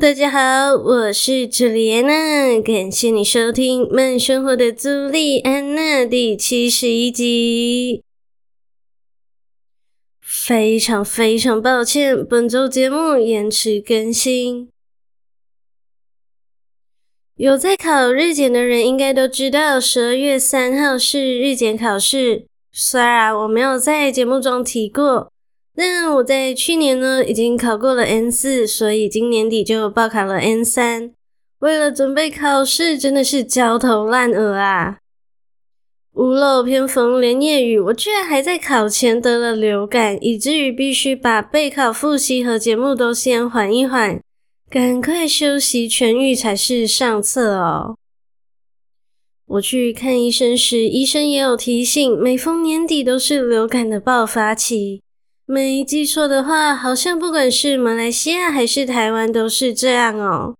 大家好，我是朱麗安娜，感謝你收聽《慢生活的朱麗安娜》第七十一集。非常非常抱歉，本周節目延遲更新。有在考日檢的人應該都知道，十二月三號是日檢考試，雖然我沒有在節目中提過。那我在去年呢，已經考過了 N 四，所以今年底就報考了 N 三。為了準備考試，真的是焦頭爛額啊！屋漏偏逢連夜雨，我居然還在考前得了流感，以至於必須把備考、複習和節目都先緩一緩，趕快休息痊愈才是上策哦。我去看醫生時，醫生也有提醒，每逢年底都是流感的爆發期。沒記錯的話，好像不管是馬來西亞還是臺灣都是這樣哦。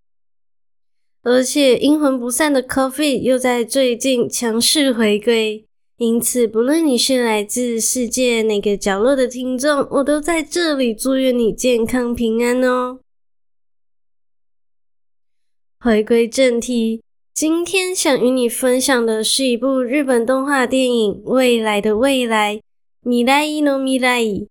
而且陰魂不散的 Covid 又在最近強勢回歸，因此不論你是來自世界哪個角落的聽眾，我都在這裡祝願你健康平安哦。回歸正題，今天想與你分享的是一部日本動畫電影《未來的未來》（Mirai no Mirai）。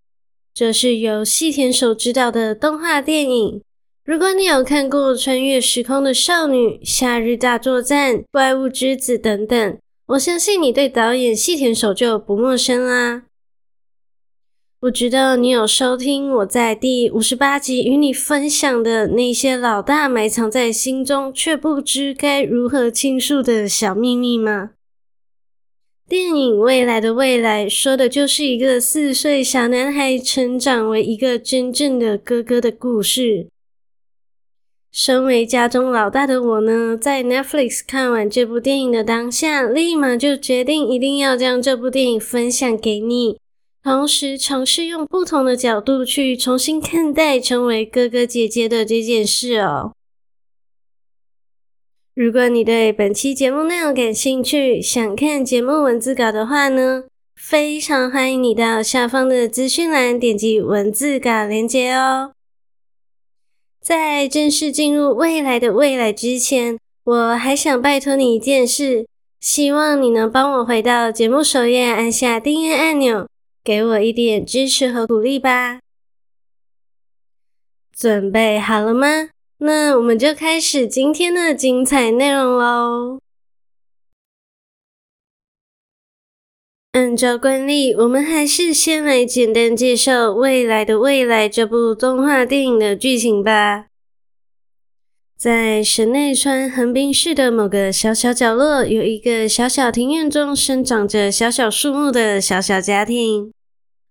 這是由細田守執導的動畫電影。如果你有看過《穿越時空的少女》、《夏日大作戰》、《怪物之子》等等，我相信你對導演細田守就不陌生啦。不知道你有收聽我在第五十八集與你分享的那些老大埋藏在心中卻不知該如何傾訴的小秘密嗎？電影《未來的未來》說的就是一個四歲小男孩成長為一個真正的哥哥的故事。身為家中老大的我呢，在 Netflix 看完這部電影的當下，立馬就決定一定要將這部電影分享給你，同時嘗試用不同的角度去重新看待成為哥哥姐姐的這件事哦。如果你對本期節目內容感興趣，想看節目文字稿的話呢，非常歡迎你到下方的資訊欄點擊文字稿連結哦。在正式進入未來的未來之前，我還想拜托你一件事，希望你能幫我回到節目首頁，按下訂閱按鈕，給我一點支持和鼓勵吧。準備好了嗎？那我們就開始今天的精彩內容嘍。按照慣例，我們還是先來簡單介紹《未來的未來》這部動畫電影的劇情吧。在神奈川橫濱市的某個小小角落，有一個小小庭院中生長着小小樹木的小小家庭。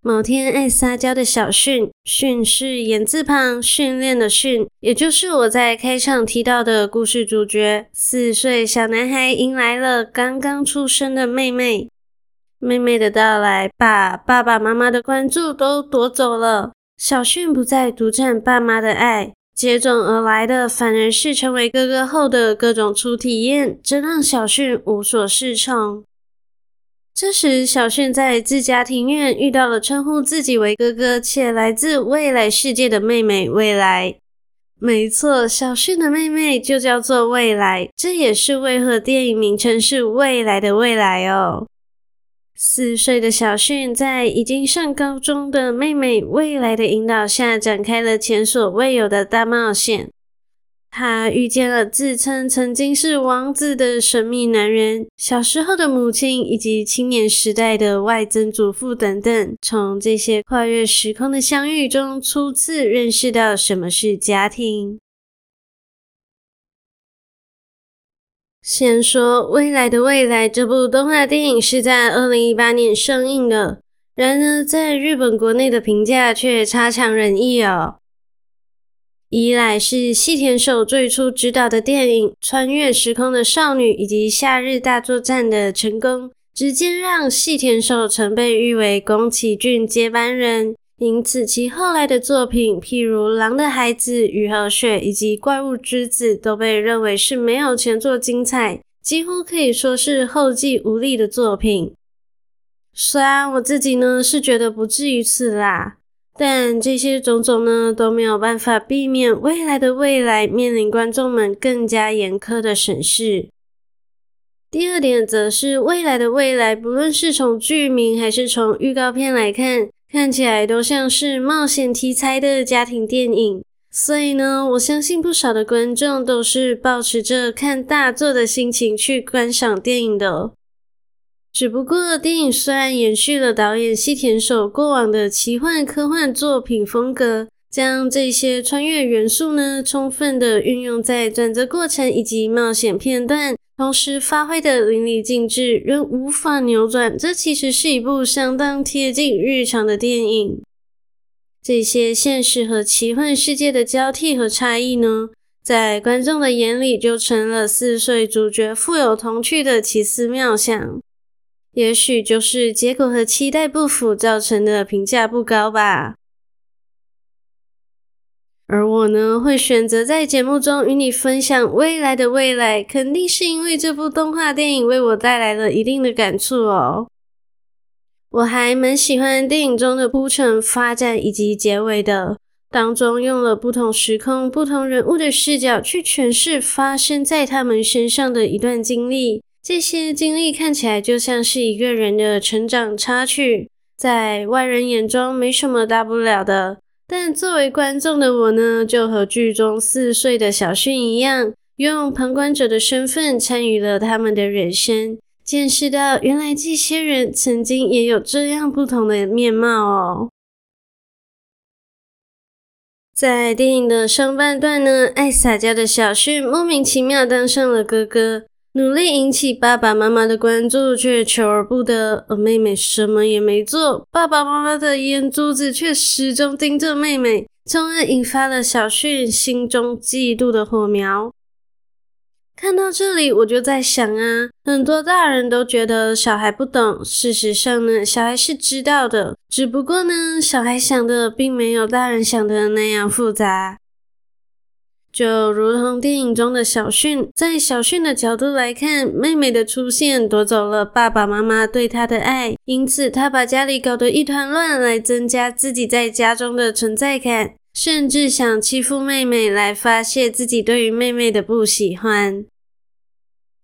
某天，愛撒嬌的小訓，訓是言字旁，訓練的訓，也就是我在開場提到的故事主角。四歲小男孩迎來了剛剛出生的妹妹，妹妹的到來把爸爸媽媽的關注都奪走了，小訓不再獨占爸媽的愛，接踵而來的反而是成為哥哥後的各種初體驗，真讓小訓無所適從。這時，小迅在自家庭院遇到了稱呼自己為哥哥且來自未來世界的妹妹未來。沒錯，小迅的妹妹就叫做未來，這也是為何電影名稱是《未來的未來》哦。四歲的小迅在已經上高中的妹妹未來的引導下，展開了前所未有的大冒險。他遇見了自稱曾經是王子的神秘男人，小時候的母親以及青年時代的外曾祖父等等，從這些跨越時空的相遇中，初次認識到什麼是家庭。先說《未來的未來》這部動畫電影是在二零一八年上映的，然而在日本國內的評價卻差強人意哦。一來是細田守最初執導的電影《穿越時空的少女》以及《夏日大作戰》的成功，直接讓細田守曾被譽為宮崎駿接班人。因此，其後來的作品，譬如，《狼的孩子》《雨和雪》以及《怪物之子》，都被認為是沒有前作精彩，幾乎可以說是後繼無力的作品。雖然我自己呢，是覺得不至於此啦。但這些種種呢，都沒有辦法避免未來的未來面臨觀眾們更加嚴苛的審視。第二點則是，未來的未來，不論是從劇名還是從預告片來看，看起來都像是冒險題材的家庭電影，所以呢，我相信不少的觀眾都是抱持著看大作的心情去觀賞電影的。只不過，電影雖然延續了導演細田守過往的奇幻科幻作品風格，將這些穿越元素呢，充分地運用在轉折過程以及冒險片段，同時發揮得淋漓盡致，仍無法扭轉。這其實是一部相當貼近日常的電影。這些現實和奇幻世界的交替和差異呢，在觀眾的眼裡就成了四歲主角富有童趣的奇思妙想。也許就是結果和期待不符造成的評價不高吧。而我呢，會選擇在節目中與你分享《未來的未來》，肯定是因為這部動畫電影為我帶來了一定的感觸哦、喔。我還蠻喜歡電影中的鋪陳發展以及結尾的，當中用了不同時空、不同人物的視角去詮釋發生在他們身上的一段經歷。這些經歷看起來就像是一個人的成長插曲，在外人眼中沒什麼大不了的。但作為觀眾的我呢，就和劇中四歲的小旭一樣，用旁觀者的身份參與了他們的人生，見識到原來這些人曾經也有這樣不同的面貌哦。在電影的上半段呢，愛撒嬌的小旭莫名其妙當上了哥哥。努力引起爸爸媽媽的關注，卻求而不得。而妹妹什麼也沒做，爸爸媽媽的眼珠子卻始終盯着妹妹，從而引發了小訓心中嫉妒的火苗。看到這裡，我就在想啊，很多大人都覺得小孩不懂，事實上呢，小孩是知道的，只不過呢，小孩想的並沒有大人想的那樣複雜。就如同電影中的小迅，在小迅的角度來看，妹妹的出現奪走了爸爸媽媽對他的愛，因此他把家裡搞得一團亂來增加自己在家中的存在感，甚至想欺負妹妹來發洩自己對於妹妹的不喜歡。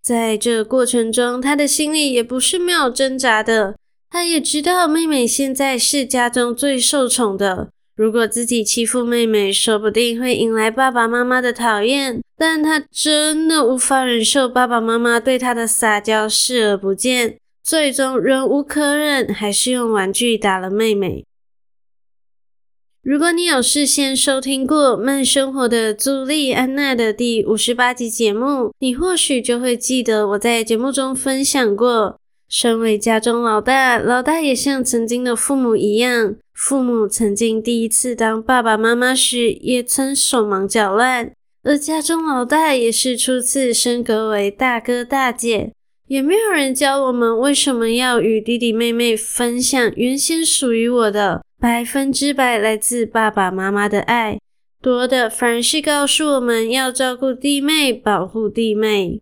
在這過程中，他的心裡也不是沒有掙扎的，他也知道妹妹現在是家中最受寵的。如果自己欺負妹妹，說不定會引來爸爸媽媽的討厭。但他真的無法忍受爸爸媽媽對他的撒嬌視而不見，最終忍無可忍，還是用玩具打了妹妹。如果你有事先收聽過《慢生活》的朱莉安娜的第五十八集節目，你或許就會記得我在節目中分享過。身為家中老大，老大也像曾經的父母一樣，父母曾經第一次當爸爸媽媽時，也曾手忙腳亂，而家中老大也是初次升格為大哥大姐，也沒有人教我們為什麼要與弟弟妹妹分享原先屬於我的百分之百來自爸爸媽媽的愛，多的反而是告訴我們要照顧弟妹，保護弟妹。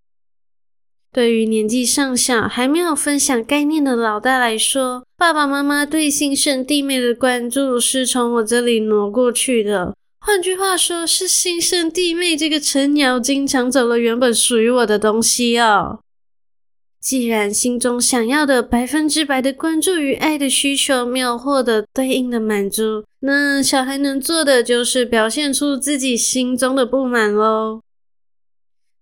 對於年紀尚小、還沒有分享概念的老大來說，爸爸媽媽對新生弟妹的關注是從我這裡挪過去的。換句話說，是新生弟妹這個“程咬金”搶走了原本屬於我的東西哦。既然心中想要的百分之百的關注與愛的需求沒有獲得對應的滿足，那小孩能做的就是表現出自己心中的不滿嘍。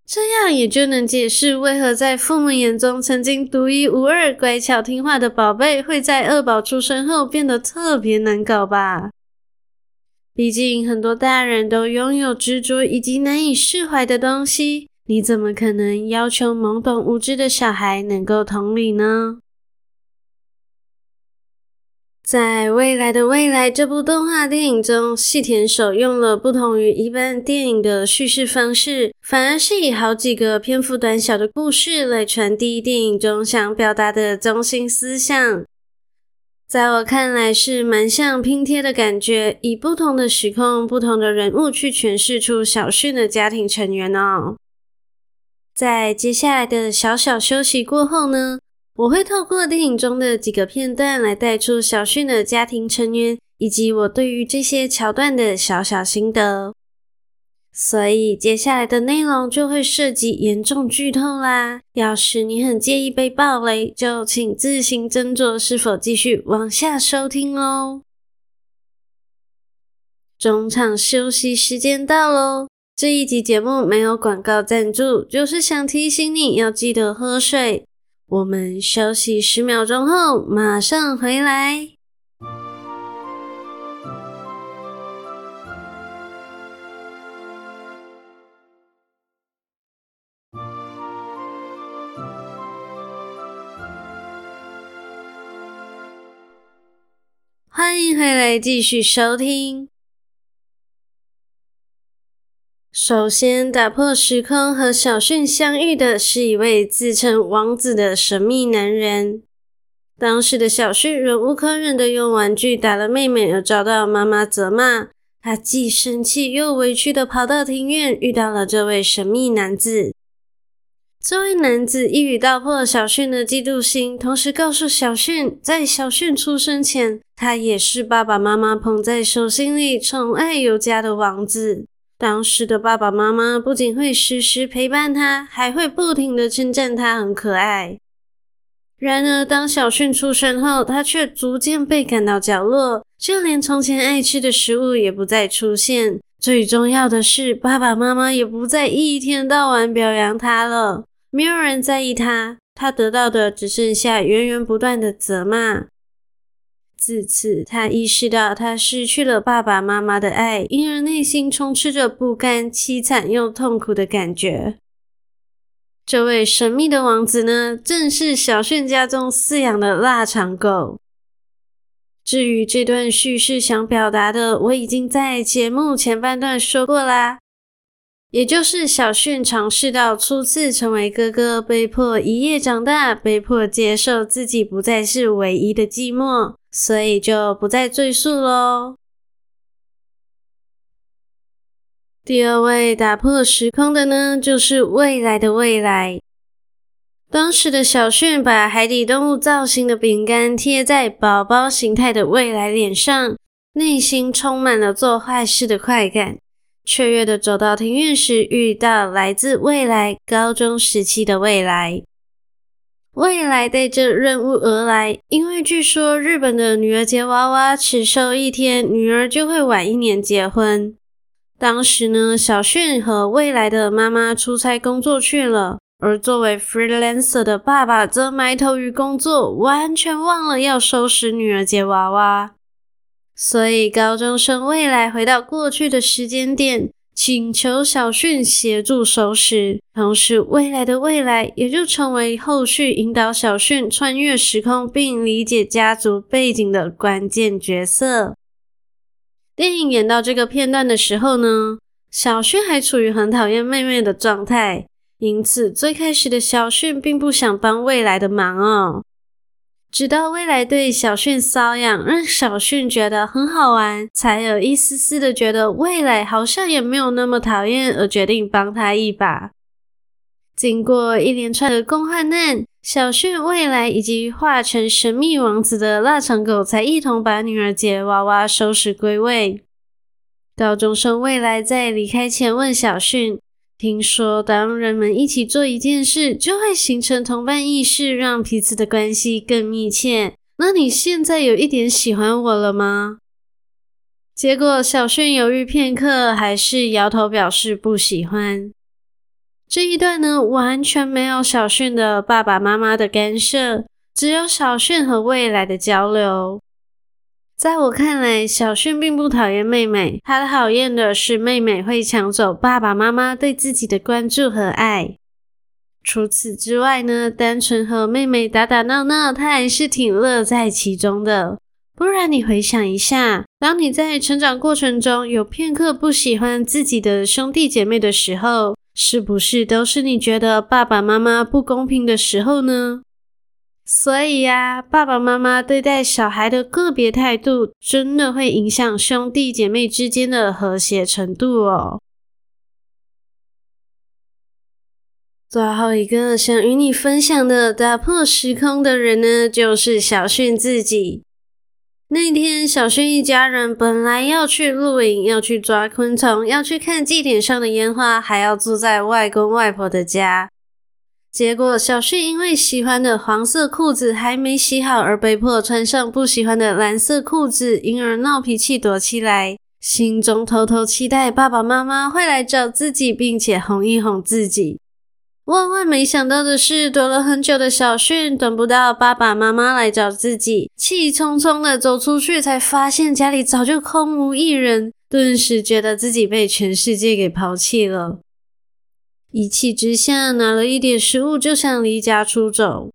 這樣也就能解釋為何在父母眼中曾經獨一無二、乖巧聽話的寶貝，會在二寶出生後變得特別難搞吧？畢竟很多大人都擁有執着以及難以釋懷的東西，你怎麼可能要求懵懂無知的小孩能夠同理呢？在未來的未來這部動畫電影中，細田守用了不同於一般電影的敘事方式，反而是以好幾個篇幅短小的故事來傳遞電影中想表達的中心思想。在我看來是蠻像拼貼的感覺，以不同的時空、不同的人物去詮釋出小訓的家庭成員哦。在接下來的小小休息過後呢，我會透過電影中的幾個片段來帶出小訓的家庭成員，以及我對於這些橋段的小小心得。所以接下來的內容就會涉及嚴重劇透啦！要是你很介意被爆雷，就請自行斟酌是否繼續往下收聽哦。中場休息時間到嘍！這一集節目沒有廣告贊助，就是想提醒你要記得喝水。我們休息十秒鐘後，馬上回來。歡迎回來，繼續收聽。首先打破時空和小訓相遇的是一位自稱王子的神秘男人。當時的小訓忍無可忍的用玩具打了妹妹，又遭到媽媽責罵，他既生氣又委屈的跑到庭院，遇到了這位神秘男子。這位男子一語道破小訓的嫉妒心，同時告訴小訓，在小訓出生前，他也是爸爸媽媽捧在手心裡寵愛有加的王子。當時的爸爸媽媽不僅會時時陪伴他，還會不停地稱讚他很可愛。然而，當小訓出生後，他卻逐漸被趕到角落，就連從前愛吃的食物也不再出現。最重要的是，爸爸媽媽也不再一天到晚表揚他了，沒有人在意他，他得到的只剩下源源不斷的責罵。自此，他意識到他失去了爸爸媽媽的愛，因而內心充斥着不甘、淒慘又痛苦的感覺。這位神秘的王子呢，正是小訓家中飼養的臘腸狗。至於這段敘事想表達的，我已經在節目前半段說過啦。也就是小訓嘗試到初次成為哥哥，被迫一夜長大，被迫接受自己不再是唯一的寂寞。所以就不再贅述嘍。第二位打破時空的呢，就是未來的未來。當時的小訓把海底動物造型的餅乾貼在寶寶形態的未來臉上，內心充滿了做壞事的快感，雀躍的走到庭院時，遇到來自未來高中時期的未來。未來帶着任務而來，因為據說日本的女兒節娃娃遲收一天，女兒就會晚一年結婚。當時呢，小訓和未來的媽媽出差工作去了，而作為 freelancer 的爸爸則埋頭於工作，完全忘了要收拾女兒節娃娃。所以高中生未來回到過去的時間點，請求小迅協助收拾，同時未來的未來也就成為後續引導小迅穿越時空並理解家族背景的關鍵角色。電影演到這個片段的時候呢，小迅還處於很討厭妹妹的狀態，因此最開始的小迅並不想幫未來的忙哦。直到未來對小訓搔癢，讓小訓覺得很好玩，才有一絲絲的覺得未來好像也沒有那麼討厭，而決定幫他一把。經過一連串的共患難，小訓、未來以及化成神秘王子的臘腸狗，才一同把女兒節娃娃收拾歸位。高中生未來在離開前問小訓聽說，當人們一起做一件事，就會形成同伴意識，讓彼此的關係更密切。那你現在有一點喜歡我了嗎？結果小炫猶豫片刻，還是搖頭表示不喜歡。這一段呢，完全沒有小炫的爸爸媽媽的干涉，只有小炫和未來的交流。在我看來，小訓並不討厭妹妹，他討厭的是妹妹會搶走爸爸媽媽對自己的關注和愛。除此之外呢，單純和妹妹打打鬧鬧，他還是挺樂在其中的。不然你回想一下，當你在成長過程中有片刻不喜歡自己的兄弟姐妹的時候，是不是都是你覺得爸爸媽媽不公平的時候呢？所以呀、啊，爸爸媽媽對待小孩的個別態度，真的會影響兄弟姐妹之間的和諧程度哦、喔。最後一個想與你分享的打破時空的人呢，就是小迅自己。那天，小迅一家人本來要去露營，要去抓昆蟲，要去看祭典上的煙花，還要住在外公外婆的家。結果，小旭因為喜歡的黃色褲子還沒洗好，而被迫穿上不喜歡的藍色褲子，因而鬧脾氣躲起來，心中偷偷期待爸爸媽媽會來找自己，並且哄一哄自己。萬萬沒想到的是，躲了很久的小旭等不到爸爸媽媽來找自己，氣衝衝的走出去，才發現家裡早就空無一人，頓時覺得自己被全世界給拋棄了。一氣之下，拿了一點食物，就想離家出走。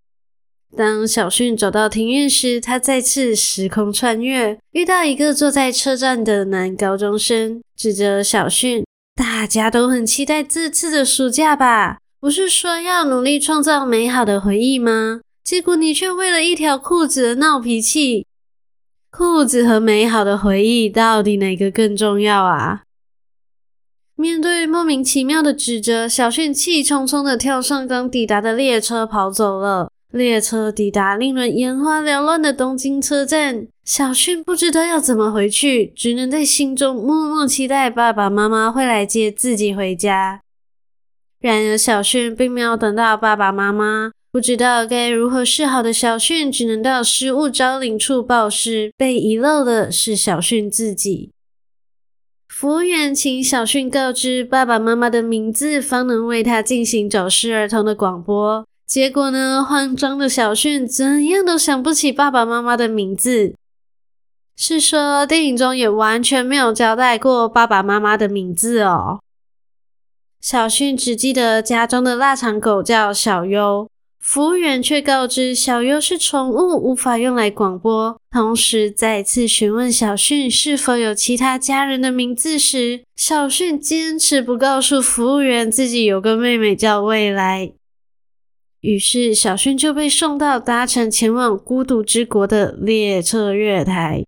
當小迅走到庭院時，他再次時空穿越，遇到一個坐在車站的男高中生，指着小迅：“大家都很期待這次的暑假吧？不是說要努力創造美好的回憶嗎？結果你卻為了一條褲子而鬧脾氣。褲子和美好的回憶，到底哪個更重要啊？”面對莫名其妙的指責，小迅氣衝衝的跳上剛抵達的列車，跑走了。列車抵達令人眼花繚亂的東京車站，小迅不知道要怎麼回去，只能在心中默默期待爸爸媽媽會來接自己回家。然而，小迅並沒有等到爸爸媽媽，不知道該如何是好的小迅，只能到失物招領處報失。被遺漏的是小迅自己。服務員，請小訓，告知爸爸媽媽的名字，方能為他進行走失兒童的廣播。結果呢？慌張的小訓怎樣都想不起爸爸媽媽的名字。是說電影中也完全沒有交代過爸爸媽媽的名字哦。小訓只記得家中的臘腸狗叫小優。服務員卻告知小優是寵物，無法用來廣播。同時再次詢問小迅是否有其他家人的名字時，小迅堅持不告訴服務員自己有個妹妹叫未來。於是小迅就被送到搭乘前往孤獨之國的列車月台。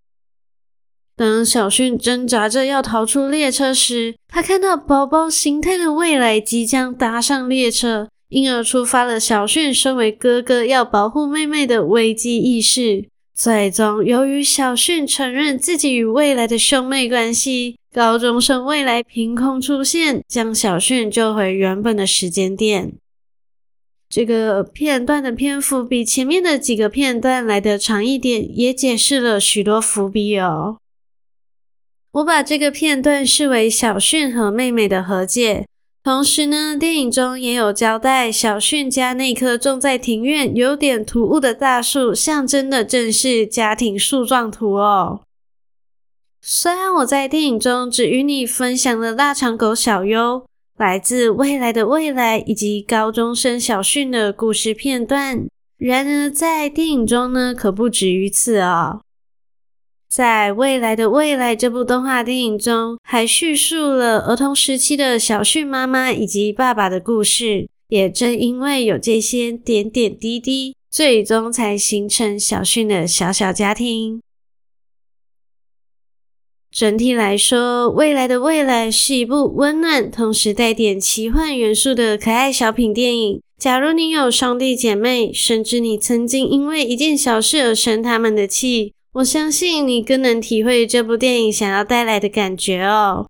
當小迅掙扎着要逃出列車時，他看到寶寶形態的未來即將搭上列車。因而觸發了小訓身為哥哥要保護妹妹的危機意識。最終，由於小訓承認自己與未來的兄妹關係，高中生未來憑空出現，將小訓救回原本的時間點。這個片段的篇幅比前面的幾個片段來得長一點，也解釋了許多伏筆哦。我把這個片段視為小訓和妹妹的和解。同時呢，電影中也有交代，小迅家那棵種在庭院，有點突兀的大樹，象徵的正是家庭樹狀圖哦。雖然我在電影中只與你分享了臘腸狗小優、來自未來的未來以及高中生小迅的故事片段，然而在電影中呢，可不止於此哦。在《未來的未來》這部動畫電影中，還敘述了兒童時期的小訓媽媽以及爸爸的故事。也正因為有這些點點滴滴，最終才形成小訓的小小家庭。整體來說，《未來的未來》是一部溫暖，同時帶點奇幻元素的可愛小品電影。假如你有兄弟姐妹，甚至你曾經因為一件小事而生他們的氣。我相信你更能體會這部電影想要帶來的感覺哦。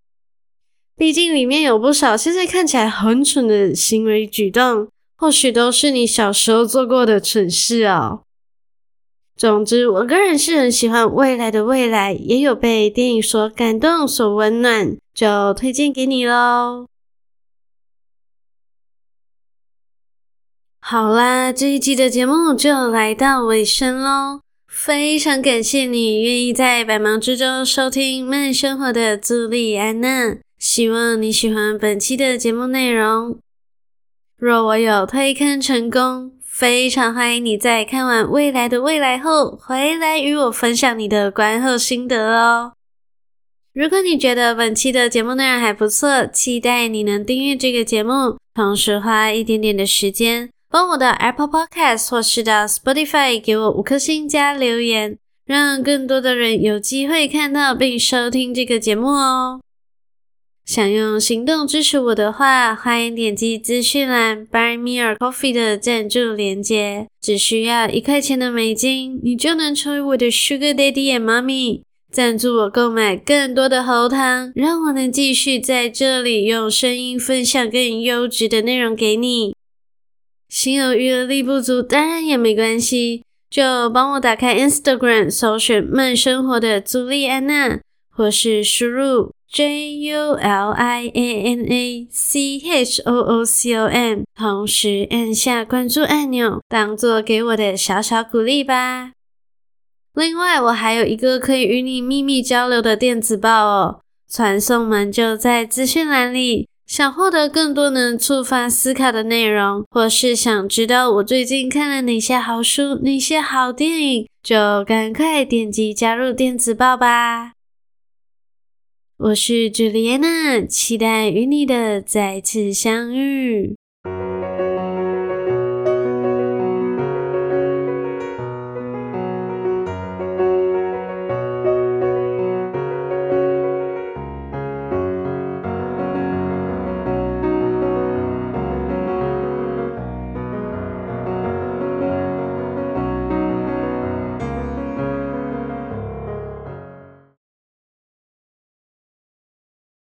畢竟裡面有不少現在看起來很蠢的行為舉動，或許都是你小時候做過的蠢事哦。總之，我個人是很喜歡《未來的未來》，也有被電影所感動、所溫暖，就推薦給你嘍。好啦，這一集的節目就來到尾聲嘍。非常感謝你願意在百忙之中收聽慢生活的朱莉安娜，希望你喜歡本期的節目內容。若我有推坑成功，非常歡迎你在看完未來的未來後，回來與我分享你的觀後心得哦。如果你覺得本期的節目內容還不錯，期待你能訂閱這個節目，同時花一點點的時間。幫我的 Apple Podcast 或是到 Spotify 給我五顆星加留言，讓更多的人有機會看到並收聽這個節目哦。想用行動支持我的話，歡迎點擊資訊欄 Buy Me a Coffee 的贊助鏈接，只需要一塊錢的美金，你就能成為我的 Sugar Daddy and Mommy，贊助我購買更多的喉糖，讓我能繼續在這裡用聲音分享更優質的內容給你。心有餘而力不足，當然也沒關係。就幫我打開 Instagram，搜尋慢生活的朱莉安娜，或是輸入 J U L I A N A C H O O C O M，同時按下關注按鈕，當做給我的小小鼓勵吧。另外，我還有一個可以與你秘密交流的電子報哦、喔，傳送門就在資訊欄裡。想獲得更多能觸發思考的內容，或是想知道我最近看了哪些好書、哪些好電影，就趕快點擊加入電子報吧！我是 Juliana，期待與你的再次相遇。